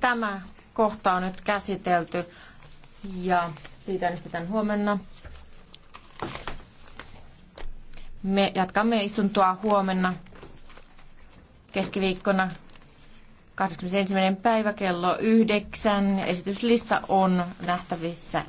Tämä kohta on nyt käsitelty ja siitä äänestetään huomenna. Me jatkamme istuntoa huomenna keskiviikkona 21. päivä kello 9. Esityslista on nähtävissä